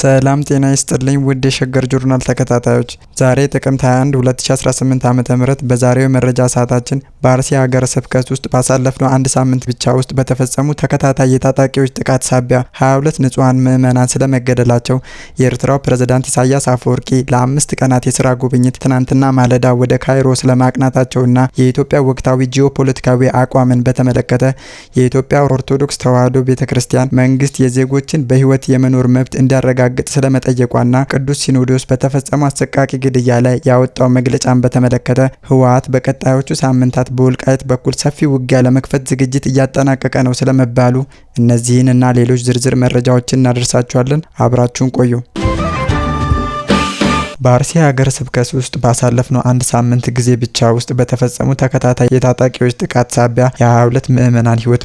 ሰላም ጤና ይስጥልኝ ውድ የሸገር ጆርናል ተከታታዮች፣ ዛሬ ጥቅምት 21 2018 ዓ.ም በዛሬው መረጃ ሰዓታችን በአርሲ ሀገረ ስብከት ውስጥ ባሳለፍነው አንድ ሳምንት ብቻ ውስጥ በተፈጸሙ ተከታታይ የታጣቂዎች ጥቃት ሳቢያ 22 ንጹሐን ምዕመናን ስለመገደላቸው፣ የኤርትራው ፕሬዝዳንት ኢሳያስ አፈወርቂ ለአምስት ቀናት የስራ ጉብኝት ትናንትና ማለዳ ወደ ካይሮ ስለማቅናታቸውና የኢትዮጵያ ወቅታዊ ጂኦፖለቲካዊ አቋምን በተመለከተ የኢትዮጵያ ኦርቶዶክስ ተዋህዶ ቤተ ክርስቲያን መንግስት የዜጎችን በህይወት የመኖር መብት እንዲያረጋ እንዲያረጋግጥ ስለመጠየቋና ቅዱስ ሲኖዶስ በተፈጸሙ አሰቃቂ ግድያ ላይ ያወጣው መግለጫን በተመለከተ ህወሀት በቀጣዮቹ ሳምንታት በወልቃይት በኩል ሰፊ ውጊያ ለመክፈት ዝግጅት እያጠናቀቀ ነው ስለመባሉ እነዚህን እና ሌሎች ዝርዝር መረጃዎችን እናደርሳችኋለን። አብራችሁን ቆዩ። በአርሲ ሀገረ ስብከት ውስጥ ባሳለፍነው አንድ ሳምንት ጊዜ ብቻ ውስጥ በተፈጸሙ ተከታታይ የታጣቂዎች ጥቃት ሳቢያ የ22 ምዕመናን ህይወት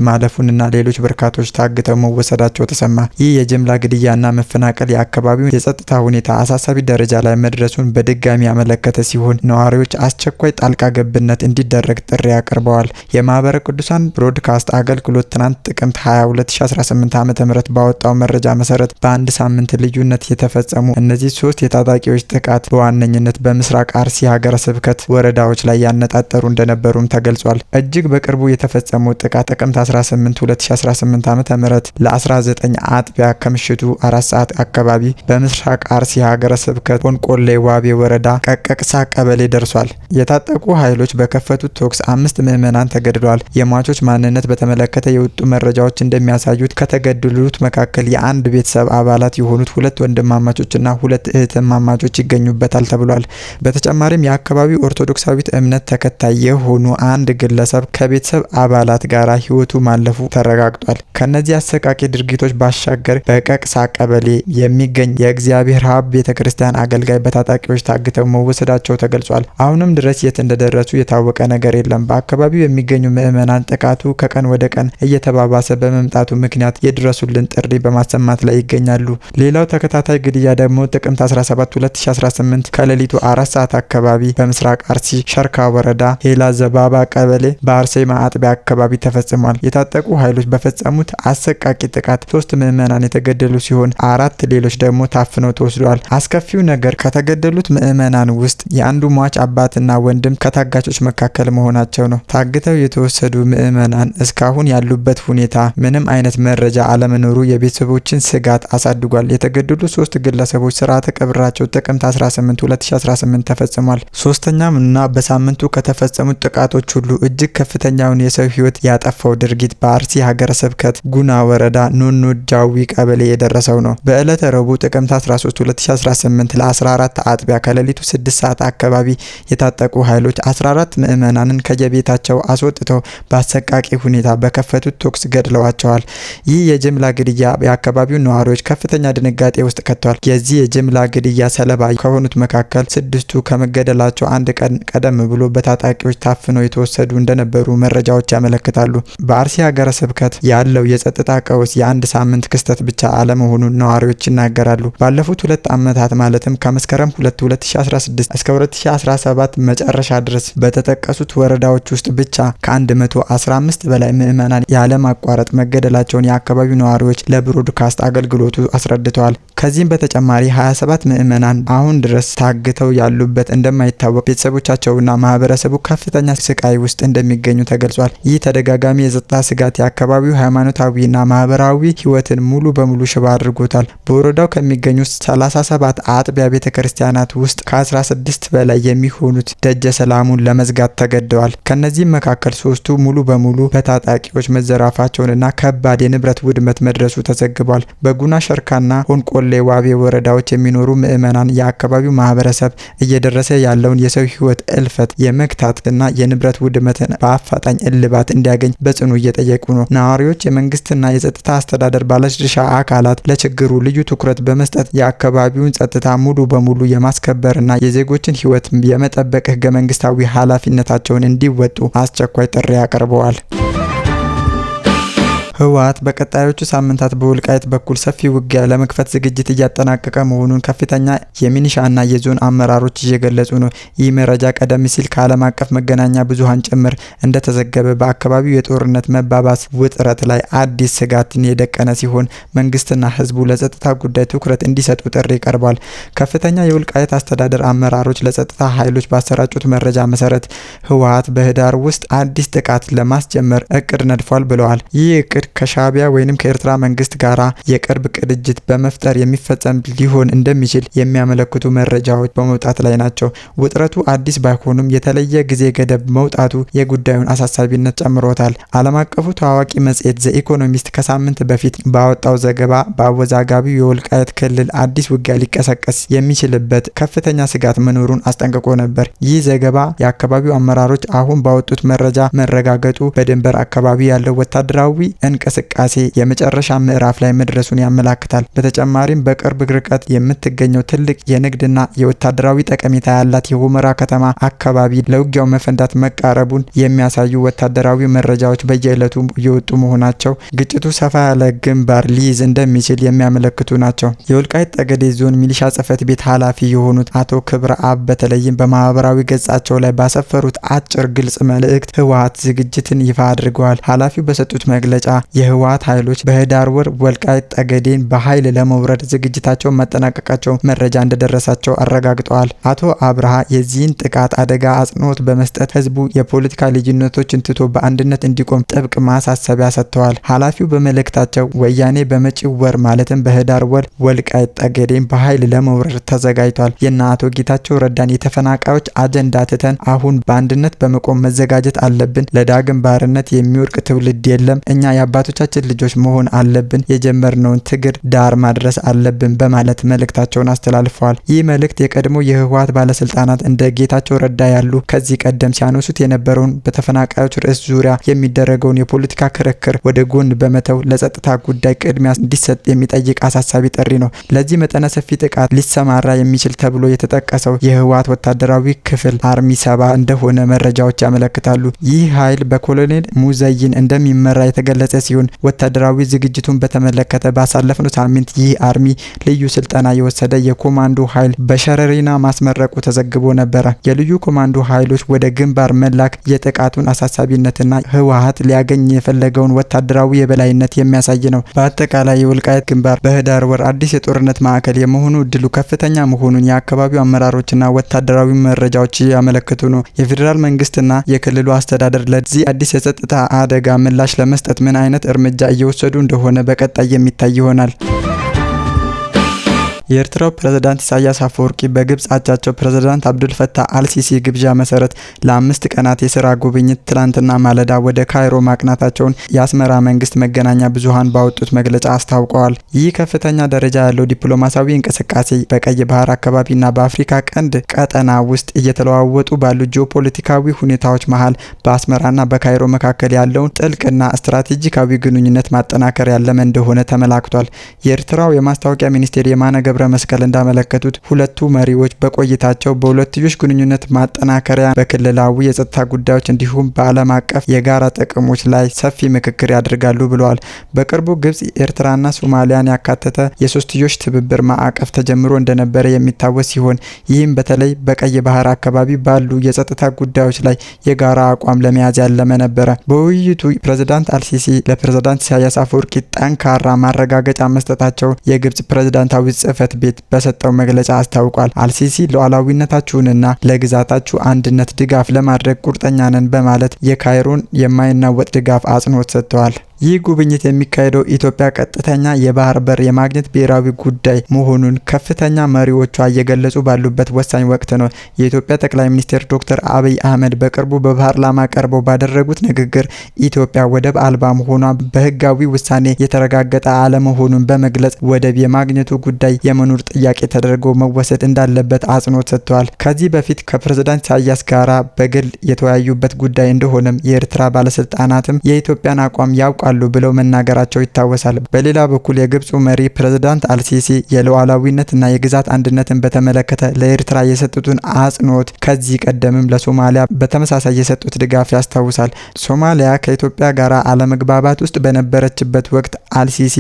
እና ሌሎች በርካቶች ታግተው መወሰዳቸው ተሰማ። ይህ የጅምላ ግድያና መፈናቀል የአካባቢው የጸጥታ ሁኔታ አሳሳቢ ደረጃ ላይ መድረሱን በድጋሚ ያመለከተ ሲሆን ነዋሪዎች አስቸኳይ ጣልቃ ገብነት እንዲደረግ ጥሪ አቅርበዋል። የማህበረ ቅዱሳን ብሮድካስት አገልግሎት ትናንት ጥቅምት 22018 ዓ ም ባወጣው መረጃ መሰረት በአንድ ሳምንት ልዩነት የተፈጸሙ እነዚህ ሶስት የታጣቂዎች ጥቃት በዋነኝነት በምስራቅ አርሲ ሀገረ ስብከት ወረዳዎች ላይ ያነጣጠሩ እንደነበሩም ተገልጿል። እጅግ በቅርቡ የተፈጸመው ጥቃት ጥቅምት 18 2018 ዓ ም ለ19 አጥቢያ ከምሽቱ አራት ሰዓት አካባቢ በምስራቅ አርሲ ሀገረ ስብከት ቆንቆሌ ዋቤ ወረዳ ቀቀቅሳ ቀበሌ ደርሷል። የታጠቁ ኃይሎች በከፈቱት ተኩስ አምስት ምዕመናን ተገድለዋል። የሟቾች ማንነት በተመለከተ የወጡ መረጃዎች እንደሚያሳዩት ከተገደሉት መካከል የአንድ ቤተሰብ አባላት የሆኑት ሁለት ወንድማማቾችና ሁለት እህትማማቾች ይገኙበታል ተብሏል። በተጨማሪም የአካባቢው ኦርቶዶክሳዊት እምነት ተከታይ የሆኑ አንድ ግለሰብ ከቤተሰብ አባላት ጋር ህይወቱ ማለፉ ተረጋግጧል። ከነዚህ አሰቃቂ ድርጊቶች ባሻገር በቀቅሳ ቀበሌ የሚገኝ የእግዚአብሔር ሀብ ቤተ ክርስቲያን አገልጋይ በታጣቂዎች ታግተው መወሰዳቸው ተገልጿል። አሁንም ድረስ የት እንደደረሱ የታወቀ ነገር የለም። በአካባቢው የሚገኙ ምዕመናን ጥቃቱ ከቀን ወደ ቀን እየተባባሰ በመምጣቱ ምክንያት የድረሱልን ጥሪ በማሰማት ላይ ይገኛሉ። ሌላው ተከታታይ ግድያ ደግሞ ጥቅምት 17 2018 ከሌሊቱ አራት ሰዓት አካባቢ በምስራቅ አርሲ ሸርካ ወረዳ ሄላ ዘባባ ቀበሌ በአርሴማ አጥቢያ አካባቢ ተፈጽሟል። የታጠቁ ኃይሎች በፈጸሙት አሰቃቂ ጥቃት ሶስት ምዕመናን የተገደሉ ሲሆን አራት ሌሎች ደግሞ ታፍነው ተወስደዋል። አስከፊው ነገር ከተገደሉት ምዕመናን ውስጥ የአንዱ ሟች አባትና ወንድም ከታጋቾች መካከል መሆናቸው ነው። ታግተው የተወሰዱ ምዕመናን እስካሁን ያሉበት ሁኔታ ምንም አይነት መረጃ አለመኖሩ የቤተሰቦችን ስጋት አሳድጓል። የተገደሉ ሶስት ግለሰቦች ስርዓተ ቀብራቸው ጥቅምት 18 2018 ተፈጽሟል። ሶስተኛም እና በሳምንቱ ከተፈጸሙት ጥቃቶች ሁሉ እጅግ ከፍተኛውን የሰው ህይወት ያጠፋው ድርጊት በአርሲ ሀገረ ስብከት ጉና ወረዳ ኖኖ ጃዊ ቀበሌ የደረሰው ነው። በዕለተ ረቡዕ ጥቅምት 13 2018 ለ14 አጥቢያ ከሌሊቱ 6 ሰዓት አካባቢ የታጠቁ ኃይሎች 14 ምዕመናንን ከየቤታቸው አስወጥተው በአሰቃቂ ሁኔታ በከፈቱት ተኩስ ገድለዋቸዋል። ይህ የጅምላ ግድያ የአካባቢው ነዋሪዎች ከፍተኛ ድንጋጤ ውስጥ ከቷል። የዚህ የጅምላ ግድያ ሰለባ ከሆኑት መካከል ስድስቱ ከመገደላቸው አንድ ቀን ቀደም ብሎ በታጣቂዎች ታፍነው የተወሰዱ እንደነበሩ መረጃዎች ያመለክታሉ። በአርሲ ሀገረ ስብከት ያለው የጸጥታ ቀውስ የአንድ ሳምንት ክስተት ብቻ አለመሆኑን ነዋሪዎች ይናገራሉ። ባለፉት ሁለት ዓመታት ማለትም ከመስከረም 2 2016 እስከ 2017 መጨረሻ ድረስ በተጠቀሱት ወረዳዎች ውስጥ ብቻ ከ115 በላይ ምዕመናን ያለማቋረጥ መገደላቸውን የአካባቢው ነዋሪዎች ለብሮድካስት አገልግሎቱ አስረድተዋል። ከዚህም በተጨማሪ 27 ምዕመናን አሁን እስካሁን ድረስ ታግተው ያሉበት እንደማይታወቅ ቤተሰቦቻቸውና ማህበረሰቡ ከፍተኛ ስቃይ ውስጥ እንደሚገኙ ተገልጿል። ይህ ተደጋጋሚ የጸጥታ ስጋት የአካባቢው ሃይማኖታዊና ማህበራዊ ህይወትን ሙሉ በሙሉ ሽባ አድርጎታል። በወረዳው ከሚገኙ 37 አጥቢያ ቤተ ክርስቲያናት ውስጥ ከ16 በላይ የሚሆኑት ደጀ ሰላሙን ለመዝጋት ተገደዋል። ከእነዚህም መካከል ሶስቱ ሙሉ በሙሉ በታጣቂዎች መዘራፋቸውንና ከባድ የንብረት ውድመት መድረሱ ተዘግቧል። በጉና ሸርካና ሆንቆሌ ዋቤ ወረዳዎች የሚኖሩ ምዕመናን የአካ ለአካባቢው ማህበረሰብ እየደረሰ ያለውን የሰው ህይወት እልፈት የመክታት እና የንብረት ውድመትን በአፋጣኝ እልባት እንዲያገኝ በጽኑ እየጠየቁ ነው። ነዋሪዎች፣ የመንግስትና የጸጥታ አስተዳደር ባለድርሻ አካላት ለችግሩ ልዩ ትኩረት በመስጠት የአካባቢውን ጸጥታ ሙሉ በሙሉ የማስከበርና የዜጎችን ህይወት የመጠበቅ ህገ መንግስታዊ ኃላፊነታቸውን እንዲወጡ አስቸኳይ ጥሪ አቅርበዋል። ህወሀት በቀጣዮቹ ሳምንታት በወልቃይት በኩል ሰፊ ውጊያ ለመክፈት ዝግጅት እያጠናቀቀ መሆኑን ከፍተኛ የሚኒሻና የዞን አመራሮች እየገለጹ ነው። ይህ መረጃ ቀደም ሲል ከዓለም አቀፍ መገናኛ ብዙሃን ጭምር እንደተዘገበ በአካባቢው የጦርነት መባባስ ውጥረት ላይ አዲስ ስጋትን የደቀነ ሲሆን መንግስትና ህዝቡ ለጸጥታ ጉዳይ ትኩረት እንዲሰጡ ጥሪ ቀርቧል። ከፍተኛ የወልቃይት አስተዳደር አመራሮች ለጸጥታ ኃይሎች ባሰራጩት መረጃ መሰረት ህወሀት በህዳር ውስጥ አዲስ ጥቃት ለማስጀመር እቅድ ነድፏል ብለዋል። ይህ እቅድ እቅድ ከሻቢያ ወይንም ከኤርትራ መንግስት ጋራ የቅርብ ቅድጅት በመፍጠር የሚፈጸም ሊሆን እንደሚችል የሚያመለክቱ መረጃዎች በመውጣት ላይ ናቸው። ውጥረቱ አዲስ ባይሆኑም የተለየ ጊዜ ገደብ መውጣቱ የጉዳዩን አሳሳቢነት ጨምሮታል። ዓለም አቀፉ ታዋቂ መጽሔት ዘ ኢኮኖሚስት ከሳምንት በፊት ባወጣው ዘገባ በአወዛጋቢው የወልቃየት ክልል አዲስ ውጊያ ሊቀሰቀስ የሚችልበት ከፍተኛ ስጋት መኖሩን አስጠንቅቆ ነበር። ይህ ዘገባ የአካባቢው አመራሮች አሁን ባወጡት መረጃ መረጋገጡ በድንበር አካባቢ ያለው ወታደራዊ እንቅስቃሴ የመጨረሻ ምዕራፍ ላይ መድረሱን ያመላክታል። በተጨማሪም በቅርብ ርቀት የምትገኘው ትልቅ የንግድና የወታደራዊ ጠቀሜታ ያላት የሁመራ ከተማ አካባቢ ለውጊያው መፈንዳት መቃረቡን የሚያሳዩ ወታደራዊ መረጃዎች በየዕለቱ እየወጡ መሆናቸው ግጭቱ ሰፋ ያለ ግንባር ሊይዝ እንደሚችል የሚያመለክቱ ናቸው። የወልቃይት ጠገዴ ዞን ሚሊሻ ጽሕፈት ቤት ኃላፊ የሆኑት አቶ ክብረ አብ በተለይም በማህበራዊ ገጻቸው ላይ ባሰፈሩት አጭር ግልጽ መልእክት ህወሀት ዝግጅትን ይፋ አድርገዋል። ኃላፊው በሰጡት መግለጫ የህወሀት ኃይሎች በህዳር ወር ወልቃይት ጠገዴን በኃይል ለመውረድ ዝግጅታቸውን መጠናቀቃቸው መረጃ እንደደረሳቸው አረጋግጠዋል። አቶ አብርሃ የዚህን ጥቃት አደጋ አጽንኦት በመስጠት ህዝቡ የፖለቲካ ልዩነቶችን ትቶ በአንድነት እንዲቆም ጥብቅ ማሳሰቢያ ሰጥተዋል። ኃላፊው በመልእክታቸው ወያኔ በመጪው ወር ማለትም በህዳር ወር ወልቃይት ጠገዴን በኃይል ለመውረድ ተዘጋጅቷል። የና አቶ ጌታቸው ረዳን የተፈናቃዮች አጀንዳ ትተን አሁን በአንድነት በመቆም መዘጋጀት አለብን። ለዳግም ባርነት የሚወርቅ ትውልድ የለም። እኛ የአባቶቻችን ልጆች መሆን አለብን፣ የጀመርነውን ትግል ዳር ማድረስ አለብን በማለት መልእክታቸውን አስተላልፈዋል። ይህ መልእክት የቀድሞ የህወሀት ባለስልጣናት እንደ ጌታቸው ረዳ ያሉ ከዚህ ቀደም ሲያነሱት የነበረውን በተፈናቃዮች ርዕስ ዙሪያ የሚደረገውን የፖለቲካ ክርክር ወደ ጎን በመተው ለጸጥታ ጉዳይ ቅድሚያ እንዲሰጥ የሚጠይቅ አሳሳቢ ጥሪ ነው። ለዚህ መጠነ ሰፊ ጥቃት ሊሰማራ የሚችል ተብሎ የተጠቀሰው የህወሀት ወታደራዊ ክፍል አርሚ ሰባ እንደሆነ መረጃዎች ያመለክታሉ። ይህ ኃይል በኮሎኔል ሙዘይን እንደሚመራ የተገለጸ ሲሆን ወታደራዊ ዝግጅቱን በተመለከተ ባሳለፍነው ሳምንት ይህ አርሚ ልዩ ስልጠና የወሰደ የኮማንዶ ኃይል በሸረሪና ማስመረቁ ተዘግቦ ነበረ። የልዩ ኮማንዶ ኃይሎች ወደ ግንባር መላክ የጥቃቱን አሳሳቢነትና ህወሀት ሊያገኝ የፈለገውን ወታደራዊ የበላይነት የሚያሳይ ነው። በአጠቃላይ የወልቃየት ግንባር በህዳር ወር አዲስ የጦርነት ማዕከል የመሆኑ እድሉ ከፍተኛ መሆኑን የአካባቢው አመራሮችና ወታደራዊ መረጃዎች ያመለክቱ ነው። የፌዴራል መንግስትና የክልሉ አስተዳደር ለዚህ አዲስ የጸጥታ አደጋ ምላሽ ለመስጠት ምን አይነት አይነት እርምጃ እየወሰዱ እንደሆነ በቀጣይ የሚታይ ይሆናል። የኤርትራው ፕሬዝዳንት ኢሳያስ አፈወርቂ በግብጽ አቻቸው ፕሬዝዳንት አብዱል አልሲሲ ግብዣ መሰረት ለአምስት ቀናት የስራ ጉብኝት ትላንትና ማለዳ ወደ ካይሮ ማቅናታቸውን የአስመራ መንግስት መገናኛ ብዙሀን ባወጡት መግለጫ አስታውቀዋል። ይህ ከፍተኛ ደረጃ ያለው ዲፕሎማሲያዊ እንቅስቃሴ በቀይ ባህር አካባቢና በአፍሪካ ቀንድ ቀጠና ውስጥ እየተለዋወጡ ባሉ ጂኦፖለቲካዊ ሁኔታዎች መሀል በአስመራና በካይሮ መካከል ያለውን ጥልቅና ስትራቴጂካዊ ግንኙነት ማጠናከር ያለመ እንደሆነ ተመላክቷል። የኤርትራው የማስታወቂያ ሚኒስቴር የማነ ገብረ ገብረ መስቀል እንዳመለከቱት ሁለቱ መሪዎች በቆይታቸው በሁለትዮሽ ግንኙነት ማጠናከሪያ፣ በክልላዊ የጸጥታ ጉዳዮች እንዲሁም በዓለም አቀፍ የጋራ ጥቅሞች ላይ ሰፊ ምክክር ያደርጋሉ ብለዋል። በቅርቡ ግብጽ ኤርትራና ሶማሊያን ያካተተ የሶስትዮሽ ትብብር ማዕቀፍ ተጀምሮ እንደነበረ የሚታወስ ሲሆን ይህም በተለይ በቀይ ባህር አካባቢ ባሉ የጸጥታ ጉዳዮች ላይ የጋራ አቋም ለመያዝ ያለመ ነበረ። በውይይቱ ፕሬዝዳንት አልሲሲ ለፕሬዝዳንት ኢሳያስ አፈወርቂ ጠንካራ ማረጋገጫ መስጠታቸው የግብጽ ፕሬዝዳንታዊ ጽህፈት ጽህፈት ቤት በሰጠው መግለጫ አስታውቋል። አልሲሲ ሉዓላዊነታችሁንና ለግዛታችሁ አንድነት ድጋፍ ለማድረግ ቁርጠኛ ነን በማለት የካይሮን የማይናወጥ ድጋፍ አጽንኦት ሰጥተዋል። ይህ ጉብኝት የሚካሄደው ኢትዮጵያ ቀጥተኛ የባህር በር የማግኘት ብሔራዊ ጉዳይ መሆኑን ከፍተኛ መሪዎቿ እየገለጹ ባሉበት ወሳኝ ወቅት ነው። የኢትዮጵያ ጠቅላይ ሚኒስትር ዶክተር አብይ አህመድ በቅርቡ በፓርላማ ቀርበው ባደረጉት ንግግር ኢትዮጵያ ወደብ አልባ መሆኗ በህጋዊ ውሳኔ የተረጋገጠ አለመሆኑን በመግለጽ ወደብ የማግኘቱ ጉዳይ የመኖር ጥያቄ ተደርጎ መወሰድ እንዳለበት አጽንኦት ሰጥተዋል። ከዚህ በፊት ከፕሬዝዳንት ኢሳያስ ጋራ በግል የተወያዩበት ጉዳይ እንደሆነም የኤርትራ ባለስልጣናትም የኢትዮጵያን አቋም ያውቃል ይጠቅማሉ ብለው መናገራቸው ይታወሳል። በሌላ በኩል የግብፁ መሪ ፕሬዝዳንት አልሲሲ የሉዓላዊነትና የግዛት አንድነትን በተመለከተ ለኤርትራ የሰጡትን አጽንኦት ከዚህ ቀደምም ለሶማሊያ በተመሳሳይ የሰጡት ድጋፍ ያስታውሳል። ሶማሊያ ከኢትዮጵያ ጋር አለመግባባት ውስጥ በነበረችበት ወቅት አልሲሲ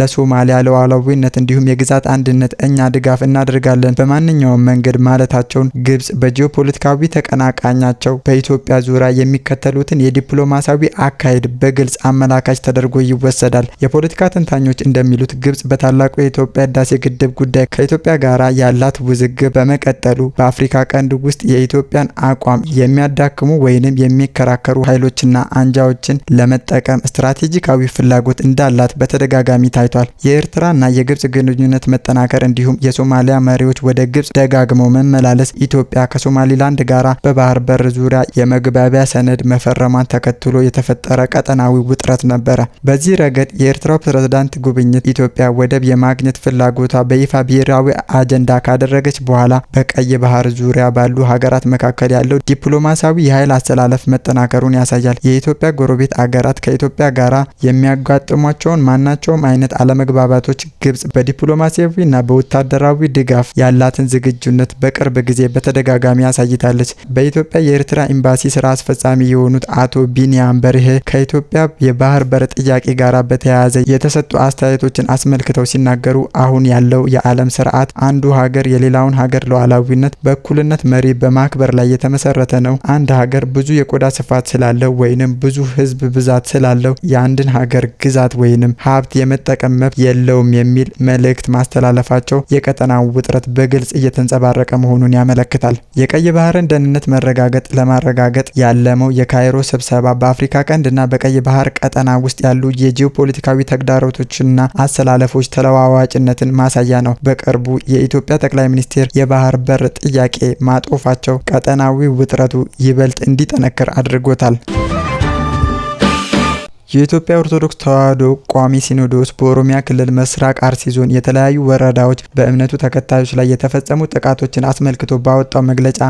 ለሶማሊያ ሉዓላዊነት እንዲሁም የግዛት አንድነት እኛ ድጋፍ እናደርጋለን በማንኛውም መንገድ ማለታቸውን ግብጽ በጂኦፖለቲካዊ ተቀናቃኛቸው በኢትዮጵያ ዙሪያ የሚከተሉትን የዲፕሎማሲያዊ አካሄድ በግልጽ አመላክ አመላካች ተደርጎ ይወሰዳል። የፖለቲካ ተንታኞች እንደሚሉት ግብጽ በታላቁ የኢትዮጵያ ህዳሴ ግድብ ጉዳይ ከኢትዮጵያ ጋራ ያላት ውዝግብ በመቀጠሉ በአፍሪካ ቀንድ ውስጥ የኢትዮጵያን አቋም የሚያዳክሙ ወይንም የሚከራከሩ ኃይሎችና አንጃዎችን ለመጠቀም ስትራቴጂካዊ ፍላጎት እንዳላት በተደጋጋሚ ታይቷል። የኤርትራና የግብጽ ግንኙነት መጠናከር እንዲሁም የሶማሊያ መሪዎች ወደ ግብጽ ደጋግመው መመላለስ ኢትዮጵያ ከሶማሊላንድ ጋራ በባህር በር ዙሪያ የመግባቢያ ሰነድ መፈረሟን ተከትሎ የተፈጠረ ቀጠናዊ ውጥረት ነው። ነበረ። በዚህ ረገድ የኤርትራው ፕሬዝዳንት ጉብኝት ኢትዮጵያ ወደብ የማግኘት ፍላጎቷ በይፋ ብሔራዊ አጀንዳ ካደረገች በኋላ በቀይ ባህር ዙሪያ ባሉ ሀገራት መካከል ያለው ዲፕሎማሲያዊ የኃይል አስተላለፍ መጠናከሩን ያሳያል። የኢትዮጵያ ጎረቤት አገራት ከኢትዮጵያ ጋራ የሚያጋጥሟቸውን ማናቸውም አይነት አለመግባባቶች ግብጽ በዲፕሎማሲያዊና በወታደራዊ ድጋፍ ያላትን ዝግጁነት በቅርብ ጊዜ በተደጋጋሚ አሳይታለች። በኢትዮጵያ የኤርትራ ኤምባሲ ስራ አስፈጻሚ የሆኑት አቶ ቢኒያም በርሄ ከኢትዮጵያ የባህር ከተከበረ ጥያቄ ጋር በተያያዘ የተሰጡ አስተያየቶችን አስመልክተው ሲናገሩ አሁን ያለው የዓለም ስርዓት አንዱ ሀገር የሌላውን ሀገር ሉዓላዊነት በእኩልነት መሪ በማክበር ላይ የተመሰረተ ነው። አንድ ሀገር ብዙ የቆዳ ስፋት ስላለው ወይንም ብዙ ህዝብ ብዛት ስላለው የአንድን ሀገር ግዛት ወይንም ሀብት የመጠቀም መብት የለውም የሚል መልእክት ማስተላለፋቸው የቀጠናው ውጥረት በግልጽ እየተንጸባረቀ መሆኑን ያመለክታል። የቀይ ባህርን ደህንነት መረጋገጥ ለማረጋገጥ ያለመው የካይሮ ስብሰባ በአፍሪካ ቀንድና በቀይ ባህር ቀጠና ውስጥ ያሉ የጂኦፖለቲካዊ ተግዳሮቶችና አሰላለፎች ተለዋዋጭነትን ማሳያ ነው። በቅርቡ የኢትዮጵያ ጠቅላይ ሚኒስትር የባህር በር ጥያቄ ማጦፋቸው ቀጠናዊ ውጥረቱ ይበልጥ እንዲጠነክር አድርጎታል። የኢትዮጵያ ኦርቶዶክስ ተዋሕዶ ቋሚ ሲኖዶስ በኦሮሚያ ክልል ምስራቅ አርሲ ዞን የተለያዩ ወረዳዎች በእምነቱ ተከታዮች ላይ የተፈጸሙ ጥቃቶችን አስመልክቶ ባወጣው መግለጫ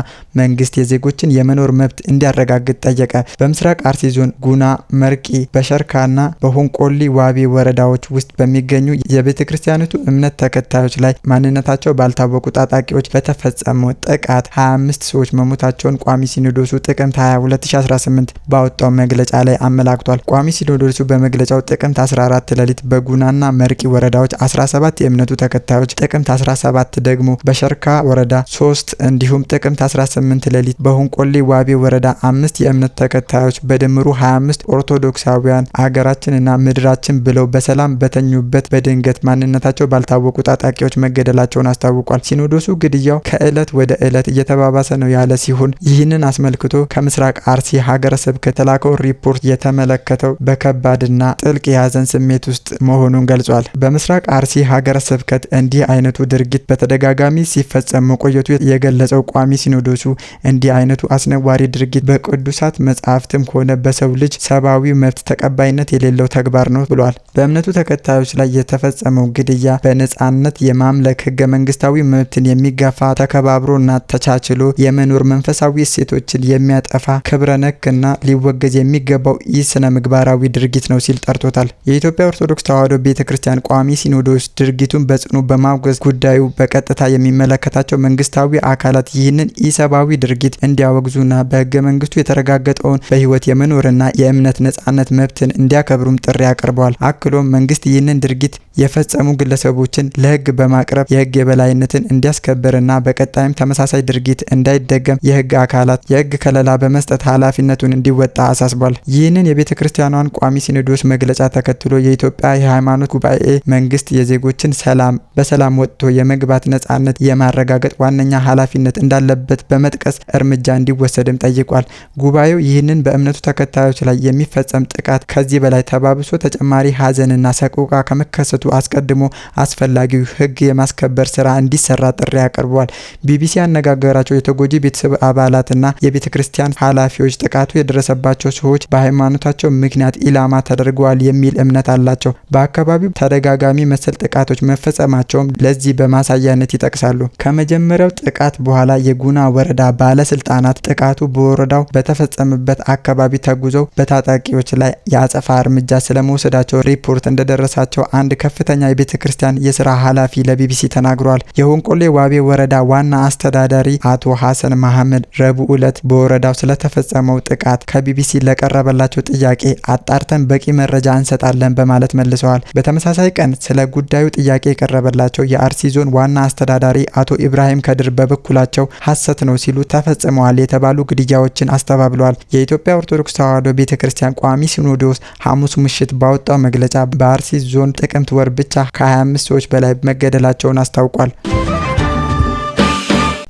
መንግስት የዜጎችን የመኖር መብት እንዲያረጋግጥ ጠየቀ። በምስራቅ አርሲ ዞን ጉና፣ መርቂ፣ በሸርካና በሆንቆሊ ዋቤ ወረዳዎች ውስጥ በሚገኙ የቤተ ክርስቲያኒቱ እምነት ተከታዮች ላይ ማንነታቸው ባልታወቁ ታጣቂዎች በተፈጸመው ጥቃት 25 ሰዎች መሞታቸውን ቋሚ ሲኖዶሱ ጥቅምት 22 2018 ባወጣው መግለጫ ላይ አመላክቷል። ቋሚ ሲኖዶሱ በመግለጫው ጥቅምት 14 ሌሊት በጉናና መርቂ ወረዳዎች 17 የእምነቱ ተከታዮች ጥቅምት 17 ደግሞ በሸርካ ወረዳ 3 እንዲሁም ጥቅምት 18 ሌሊት በሁንቆሌ ዋቢ ወረዳ አምስት የእምነት ተከታዮች በድምሩ 25 ኦርቶዶክሳውያን አገራችንና ምድራችን ብለው በሰላም በተኙበት በድንገት ማንነታቸው ባልታወቁ ታጣቂዎች መገደላቸውን አስታውቋል። ሲኖዶሱ ግድያው ከዕለት ወደ ዕለት እየተባባሰ ነው ያለ ሲሆን ይህንን አስመልክቶ ከምስራቅ አርሲ ሀገረ ስብከት የተላከው ሪፖርት የተመለከተው በ በከባድና ጥልቅ የሀዘን ስሜት ውስጥ መሆኑን ገልጿል። በምስራቅ አርሲ ሀገረ ስብከት እንዲህ አይነቱ ድርጊት በተደጋጋሚ ሲፈጸም መቆየቱ የገለጸው ቋሚ ሲኖዶሱ እንዲህ አይነቱ አስነዋሪ ድርጊት በቅዱሳት መጽሐፍትም ሆነ በሰው ልጅ ሰብአዊ መብት ተቀባይነት የሌለው ተግባር ነው ብሏል። በእምነቱ ተከታዮች ላይ የተፈጸመው ግድያ በነጻነት የማምለክ ህገ መንግስታዊ መብትን የሚጋፋ ተከባብሮና ተቻችሎ የመኖር መንፈሳዊ እሴቶችን የሚያጠፋ ክብረ ነክና ሊወገዝ የሚገባው ኢ ስነ ምግባራዊ ድርጊት ነው ሲል ጠርቶታል። የኢትዮጵያ ኦርቶዶክስ ተዋሕዶ ቤተ ክርስቲያን ቋሚ ሲኖዶስ ድርጊቱን በጽኑ በማውገዝ ጉዳዩ በቀጥታ የሚመለከታቸው መንግስታዊ አካላት ይህንን ኢሰብአዊ ድርጊት እንዲያወግዙና በህገ መንግስቱ የተረጋገጠውን በህይወት የመኖርና የእምነት ነጻነት መብትን እንዲያከብሩም ጥሪ አቅርበዋል። አክሎም መንግስት ይህንን ድርጊት የፈጸሙ ግለሰቦችን ለህግ በማቅረብ የህግ የበላይነትን እንዲያስከብርና በቀጣይም ተመሳሳይ ድርጊት እንዳይደገም የህግ አካላት የህግ ከለላ በመስጠት ኃላፊነቱን እንዲወጣ አሳስቧል። ይህንን የቤተ ክርስቲያኗን ቋሚ ሲኖዶስ መግለጫ ተከትሎ የኢትዮጵያ የሃይማኖት ጉባኤ መንግስት የዜጎችን ሰላም በሰላም ወጥቶ የመግባት ነጻነት የማረጋገጥ ዋነኛ ኃላፊነት እንዳለበት በመጥቀስ እርምጃ እንዲወሰድም ጠይቋል። ጉባኤው ይህንን በእምነቱ ተከታዮች ላይ የሚፈጸም ጥቃት ከዚህ በላይ ተባብሶ ተጨማሪ ሀዘንና ሰቆቃ ከመከሰቱ አስቀድሞ አስፈላጊው ህግ የማስከበር ስራ እንዲሰራ ጥሪ አቅርቧል። ቢቢሲ ያነጋገራቸው የተጎጂ ቤተሰብ አባላትና የቤተ ክርስቲያን ኃላፊዎች ጥቃቱ የደረሰባቸው ሰዎች በሃይማኖታቸው ምክንያት ኢላማ ተደርገዋል የሚል እምነት አላቸው። በአካባቢው ተደጋጋሚ መሰል ጥቃቶች መፈጸማቸውም ለዚህ በማሳያነት ይጠቅሳሉ። ከመጀመሪያው ጥቃት በኋላ የጉና ወረዳ ባለስልጣናት ጥቃቱ በወረዳው በተፈጸመበት አካባቢ ተጉዘው በታጣቂዎች ላይ የአጸፋ እርምጃ ስለመውሰዳቸው ሪፖርት እንደደረሳቸው አንድ ከፍ ከፍተኛ የቤተ ክርስቲያን የስራ ኃላፊ ለቢቢሲ ተናግሯል። የሆንቆሌ ዋቤ ወረዳ ዋና አስተዳዳሪ አቶ ሀሰን መሐመድ ረቡዕ ዕለት በወረዳው ስለተፈጸመው ጥቃት ከቢቢሲ ለቀረበላቸው ጥያቄ አጣርተን በቂ መረጃ እንሰጣለን በማለት መልሰዋል። በተመሳሳይ ቀን ስለ ጉዳዩ ጥያቄ የቀረበላቸው የአርሲ ዞን ዋና አስተዳዳሪ አቶ ኢብራሂም ከድር በበኩላቸው ሐሰት ነው ሲሉ ተፈጽመዋል የተባሉ ግድያዎችን አስተባብለዋል። የኢትዮጵያ ኦርቶዶክስ ተዋሕዶ ቤተ ክርስቲያን ቋሚ ሲኖዶስ ሐሙስ ምሽት ባወጣው መግለጫ በአርሲ ዞን ጥቅምት ወር ወር ብቻ ከ25 ሰዎች በላይ መገደላቸውን አስታውቋል።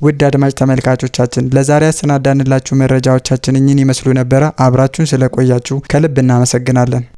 ውድ አድማጭ ተመልካቾቻችን ለዛሬ አሰናዳንላችሁ መረጃዎቻችን እኚህን ይመስሉ ነበረ። አብራችሁን ስለቆያችሁ ከልብ እናመሰግናለን።